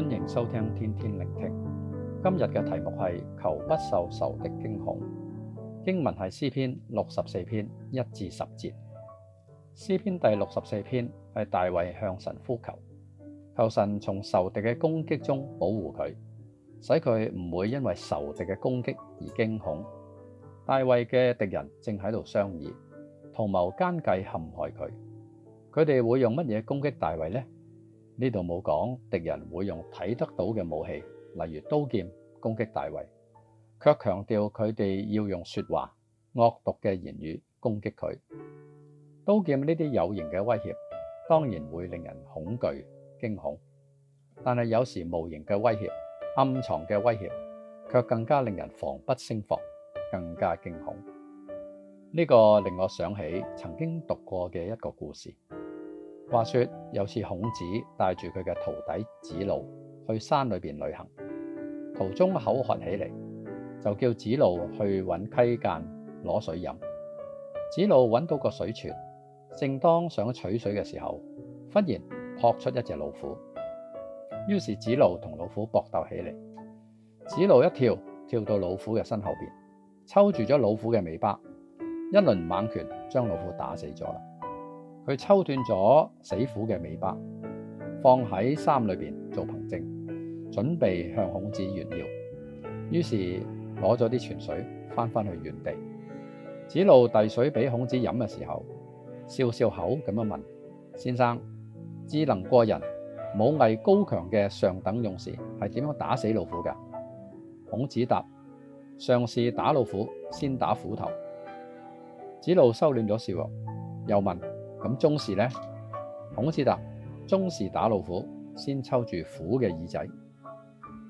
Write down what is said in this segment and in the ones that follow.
歡迎收聽天天聆聽，今日嘅題目係求不受仇敵驚恐，經文係詩篇六十四篇一至十節。詩篇第六十四篇係大衛向神呼求，求神從仇敵嘅攻擊中保護佢，使佢唔會因為仇敵嘅攻擊而驚恐。大衛嘅敵人正喺度商議，圖謀奸計陷害佢。佢哋會用乜嘢攻擊大衛呢？呢度冇講敵人會用睇得到嘅武器，例如刀劍攻擊大衛，卻強調佢哋要用說話，惡毒嘅言語攻擊佢。刀劍呢啲有形嘅威脅，當然會令人恐懼驚恐，但係有時無形嘅威脅，暗藏嘅威脅，卻更加令人防不勝防，更加驚恐。呢、這個令我想起曾經讀過嘅一個故事。話說，有次孔子帶住佢嘅徒弟子路去山裏邊旅行，途中口渴起嚟，就叫子路去搵溪澗攞水飲。子路搵到個水泉，正當想取水嘅時候，忽然撲出一隻老虎，於是子路同老虎搏鬥起嚟。子路一跳，跳到老虎嘅身後邊，揪住咗老虎嘅尾巴，一輪猛拳將老虎打死咗啦。佢抽斷咗死虎嘅尾巴，放喺衫裏邊做憑證，準備向孔子炫耀。於是攞咗啲泉水翻返去原地。子路遞水俾孔子飲嘅時候，笑笑口咁樣問：先生，智能過人、武藝高強嘅上等勇士係點樣打死老虎㗎？孔子答：上士打老虎，先打虎頭。子路收斂咗笑，又問：咁中士呢？孔子答：中士打老虎，先抽住虎嘅耳仔。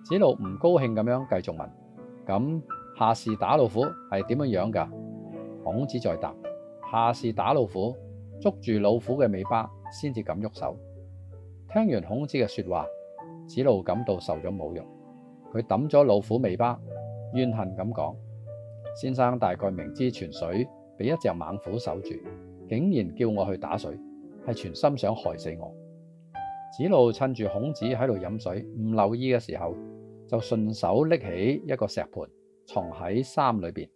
子路唔高興咁樣繼續問：咁下士打老虎係點樣樣噶？孔子再答：下士打老虎，捉住老虎嘅尾巴先至敢喐手。聽完孔子嘅說話，子路感到受咗侮辱，佢抌咗老虎尾巴，怨恨咁講：先生大概明知泉水俾一隻猛虎守住。竟然叫我去打水，係存心想害死我。子路趁住孔子喺度飲水唔留意嘅時候，就順手拎起一個石盤，藏喺衫裏邊。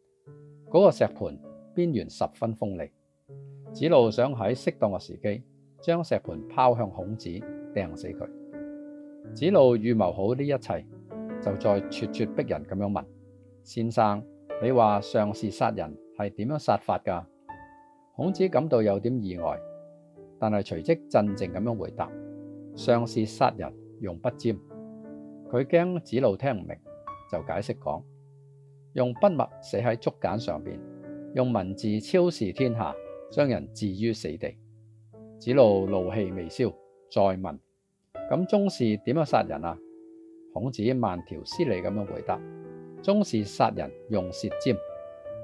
嗰個石盤邊緣十分鋒利，子路想喺適當嘅時機將石盤拋向孔子，掟死佢。子路預謀好呢一切，就再咄咄逼人咁樣問：先生，你話上士殺人係點樣殺法噶？孔子感到有點意外，但係隨即鎮靜咁樣回答：上士殺人用筆尖。佢驚子路聽唔明，就解釋講：用筆墨寫喺竹簡上邊，用文字昭示天下，將人置於死地。子路怒氣未消，再問：咁中士點樣殺人啊？孔子慢條斯理咁樣回答：中士殺人用舌尖，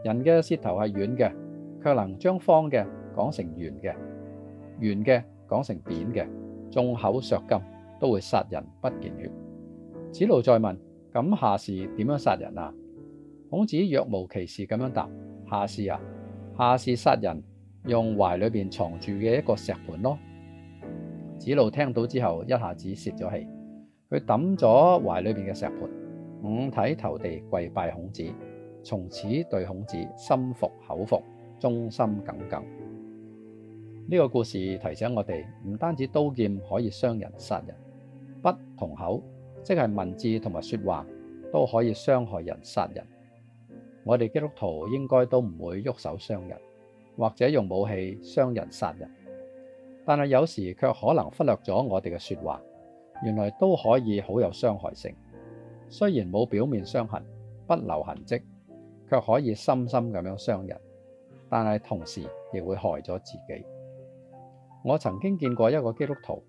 人嘅舌頭係軟嘅。卻能將方嘅講成圓嘅，圓嘅講成扁嘅，眾口鑠金都會殺人不見血。子路再問：咁下士點樣殺人啊？孔子若無其事咁樣答：下士啊，下士殺人用懷裏邊藏住嘅一個石盤咯。子路聽到之後，一下子泄咗氣，佢揼咗懷裏邊嘅石盤，五體投地跪拜孔子，從此對孔子心服口服。忠心耿耿呢、這個故事提醒我哋，唔單止刀劍可以傷人殺人，筆同口，即係文字同埋說話，都可以傷害人殺人。我哋基督徒應該都唔會喐手傷人，或者用武器傷人殺人，但係有時卻可能忽略咗我哋嘅說話，原來都可以好有傷害性。雖然冇表面傷痕，不留痕跡，卻可以深深咁樣傷人。但係同時亦會害咗自己。我曾經見過一個基督徒，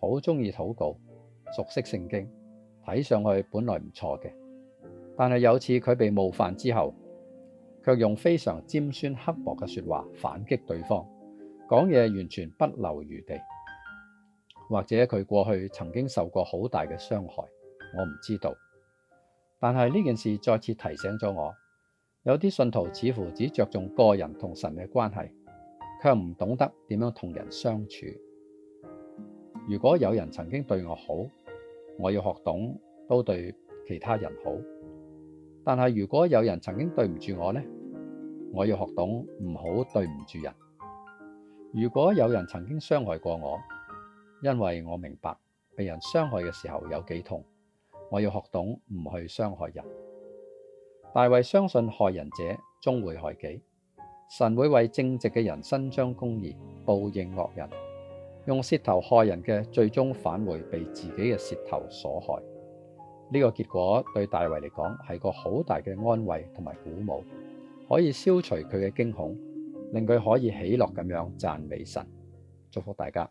好中意禱告，熟悉聖經，睇上去本來唔錯嘅。但係有次佢被冒犯之後，卻用非常尖酸刻薄嘅說話反擊對方，講嘢完全不留餘地。或者佢過去曾經受過好大嘅傷害，我唔知道。但係呢件事再次提醒咗我。有啲信徒似乎只着重個人同神嘅關係，卻唔懂得點樣同人相處。如果有人曾經對我好，我要學懂都對其他人好。但係如果有人曾經對唔住我呢，我要學懂唔好對唔住人。如果有人曾經傷害過我，因為我明白被人傷害嘅時候有幾痛，我要學懂唔去傷害人。大衛相信害人者終會害己，神會為正直嘅人伸張公義，報應惡人。用舌頭害人嘅，最終反會被自己嘅舌頭所害。呢、這個結果對大衛嚟講係個好大嘅安慰同埋鼓舞，可以消除佢嘅驚恐，令佢可以喜樂咁樣讚美神。祝福大家。